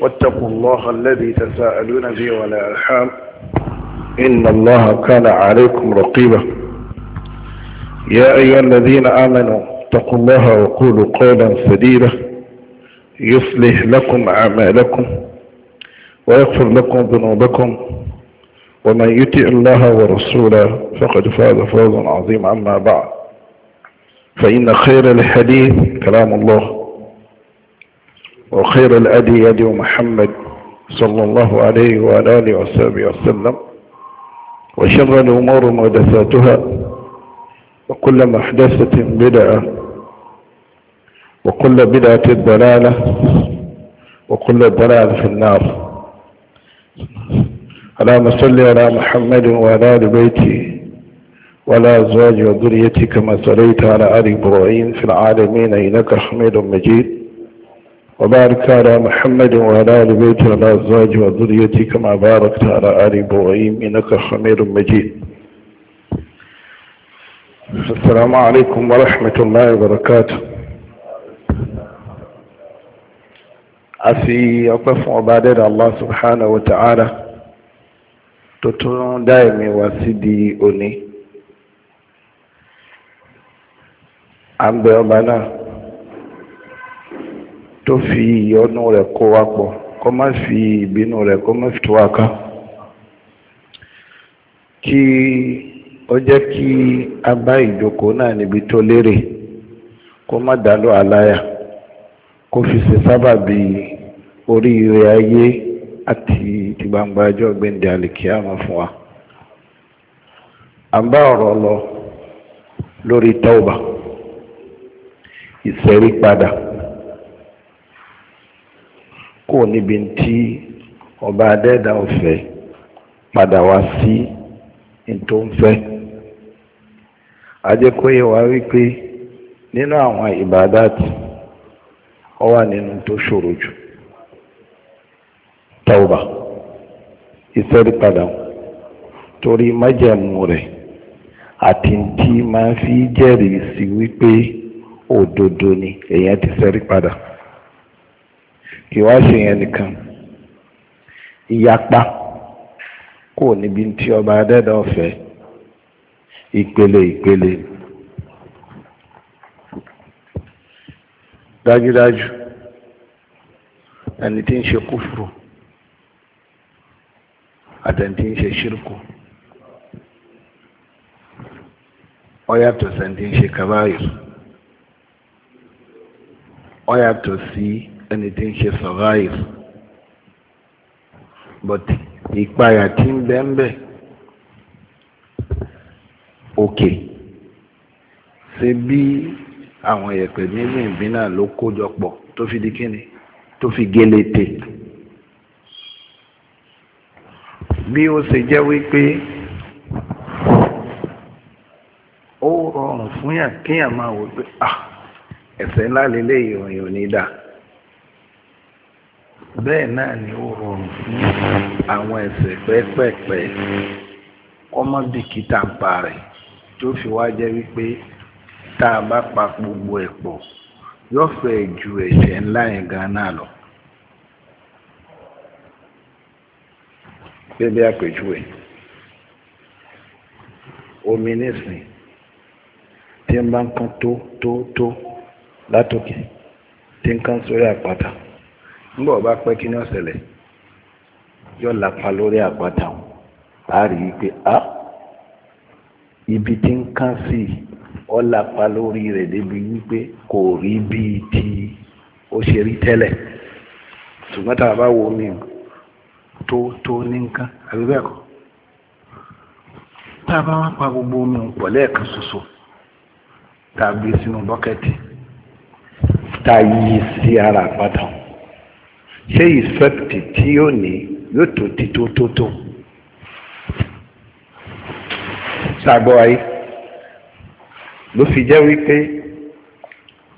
واتقوا الله الذي تساءلون به ولا أرحام إن الله كان عليكم رقيبا يا أيها الذين آمنوا اتقوا الله وقولوا قولا سديدا يصلح لكم أعمالكم ويغفر لكم ذنوبكم ومن يطع الله ورسوله فقد فاز فوزا عظيما أما بعد فإن خير الحديث كلام الله وخير الأدي يدي محمد صلى الله عليه وعلى آله وصحبه وسلم وشر الأمور محدثاتها وكل محدثة بدعة وكل بدعة ضلالة وكل ضلالة في النار اللهم صل على محمد وعلى آل بيته وعلى أزواجه وذريته كما صليت على آل إبراهيم في العالمين إنك حميد مجيد وبارك على محمد وعلى آل بيته وعلى أزواجه وذريته كما باركت على آل إبراهيم إنك حميد مجيد السلام عليكم ورحمة الله وبركاته أفي أقف عبادة الله سبحانه وتعالى تتون دائما وسيدي أني أم بأمانه tó fi ìyọ́nú rẹ̀ kó wa pọ̀ kó má fi ìbínú rẹ̀ kó má fi tó wa ká kí ó jẹ́ kí a bá ìjókòó náà níbi tó lérè kó má dálò àláyà kó fi ṣe sábàbí oríire ayé àti ti gbangba ọjọ́ gbẹ̀ndẹ̀ àlìkíyàmá fún wa a bá ọ̀rọ̀ lọ lórí tọ́ọ̀bà ìṣẹ́rí padà. kò níbi tí ọba adẹ́dà ọ̀fẹ́ padà wá sí tó ń fẹ́ ajẹ́kóyè wá wípé nínú àwọn ìbádàtì ó wà nínú tó ṣòro jù tọ́ọ̀bà ìsẹ́rípadà torí májẹ̀mú rẹ̀ àti tí máa fi jẹ́rìí sí wípé òdodo ni ti sẹ́rípadà. ìwáṣe yẹn nìkan ìyapa kò níbi tí ọba adẹ́dàá ọ̀fẹ́ ìpele ìpele dájúdájú ẹni tí ń ṣe kúfùrù àtẹni tí ń ṣe ṣírkù ó sẹ́ni tí ń Si, ẹni tí ń ṣe sọ̀ráìr but ìpayà tí ń bẹ́ ń bẹ́ òkè ṣe bí àwọn ẹ̀pẹ̀ mímú ìbínà ló kójọ pọ̀ tó fi di kíni tó fi gélé tè bí ó ṣe jẹ́ wípé ó rọrùn fún yàn kéèyàn máa wò pé ah, ẹ̀ṣẹ̀ ńlá lélẹ́yìn òyìn ò ní dáa bẹ́ẹ̀ náà ni ó rọrùn fún àwọn ẹ̀ṣẹ̀ pẹ́pẹ̀pẹ́ kọ́mọ́bìkítà ń pa rẹ̀ tó fi wá jẹ́ wípé tá a bá pa gbogbo ẹ̀ pọ̀ yóò fẹ́ ju ẹ̀ṣẹ̀ ńlá yẹn gan náà lọ. bébí àpèjúwe omi nísìn tí ń bá ń kan tó tó tó látòkè tí ń kan sórí àpáta ńgbọ̀ bá pẹ́ kí ní ọ̀sẹ̀lẹ̀ yọ lápá lórí àpáta a rí i pé a ah, ibi tí ń kán sí ọ lápá lórí rẹ̀ débi wípé kò rí bíi ti ó ṣe rí tẹ́lẹ̀ ṣùgbọ́n tá bá wo omi tó tó ní nǹkan àbí bẹ́ẹ̀ kọ́ tá a pa gbogbo omi pọ̀ lẹ́ẹ̀kan ṣoṣo tá sínú bọ́kẹ́tì tá sí ara àpáta wọn ṣé ìfẹ́pìtì tí yóò ní yóò tó ti tó tó tó ṣàgbọ́ ayé ló fi jẹ́ wípé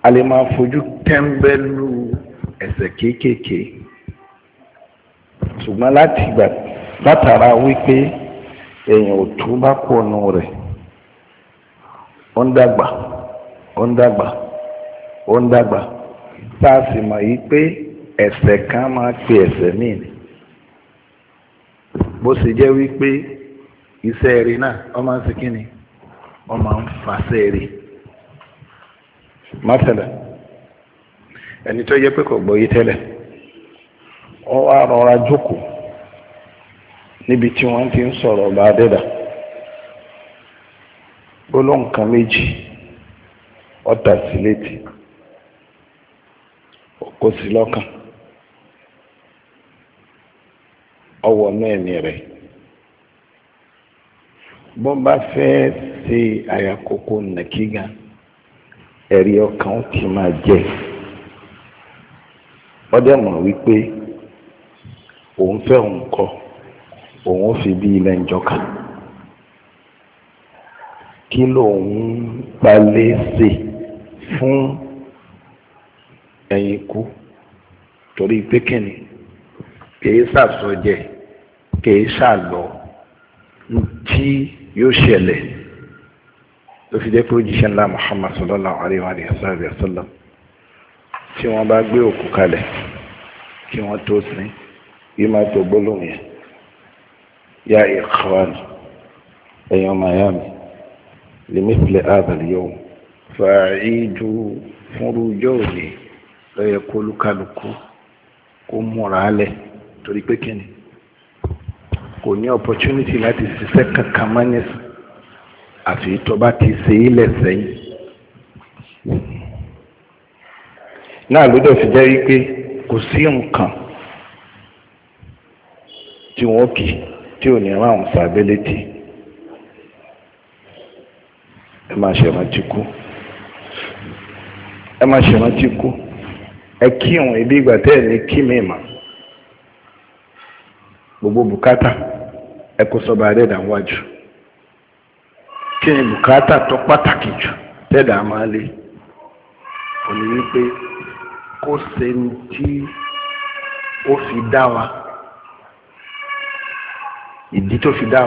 a lè máa fojú tẹ́ńbẹ́lú ẹ̀ṣẹ̀ kéékèèké ṣùgbọ́n láti gbà látara wípé èèyàn ò tún bá kú ọ̀nà rẹ̀ ó ń dàgbà ó ń dàgbà ó ń dàgbà tá a sì mọ̀ yìí pé. ẹ̀sẹ̀ kan máa pe ẹ̀sẹ̀ míì ni bó ṣe jẹ́ wípé iṣẹ́ rí náà wọ́n máa ń ṣe kí ni wọ́n máa ń fàṣẹ́ rí mọ́tẹ̀lẹ̀ ẹni tó yẹ pé kò yí wá rọra jókòó níbi tí ti ń ọba adẹ́dà gbólóǹkan méjì ọ̀tà sí létí kò sí ọwọ́ náà ní rẹ̀ bọ́ bá fẹ́ ṣe àyàkókò nàkígà ẹ̀rí ọkàn ti máa jẹ́ ọdẹ mọ̀ wípé òun fẹ́ òun kọ òun fi bí ilẹ̀ ìjọka kí lòun gbalẹ̀ ṣe fún ẹ̀yìn ikú torí pé kẹ́ni kì í sàsọjẹ́ kìí ṣàlọ tí yóò ṣẹlẹ̀ ló fi jẹ́ pé òjíṣẹ́ ńlá Muhammad sallallahu alayhi wa sallam tí wọ́n bá gbé òkú kalẹ̀ kí wọ́n tó sin yìí máa tó gbólóhùn yẹn ya ikhwani ẹ̀yin ọmọ ayá mi limithli hadha fúnrú ọjọ́ òní ló yẹ kó múra lẹ̀ torí pé kíni kò ní opportunity láti ṣiṣẹ́ kankan mọ́ nísìn àfi tó bá ti ṣe é lẹ́sẹ̀yìn náà ló dẹ̀ fi jẹ́ wípé kò sí nǹkan tí wọ́n kì tí ò ní ra àwọn sàbẹ́lẹ́tì ẹ máa ṣèrántí kú ẹ máa ṣèrántí kú ẹ kí òun ibi ìgbà tẹ́ ẹ ní kí mi mà gbogbo bùkátà ẹkọ sọba dẹ́dà wájú kí ni bùkátà tó pàtàkì jù dẹ́dà máa lé òní wípé kó sẹ́ni tí ó fi dá wa ìdí tó fi dá wa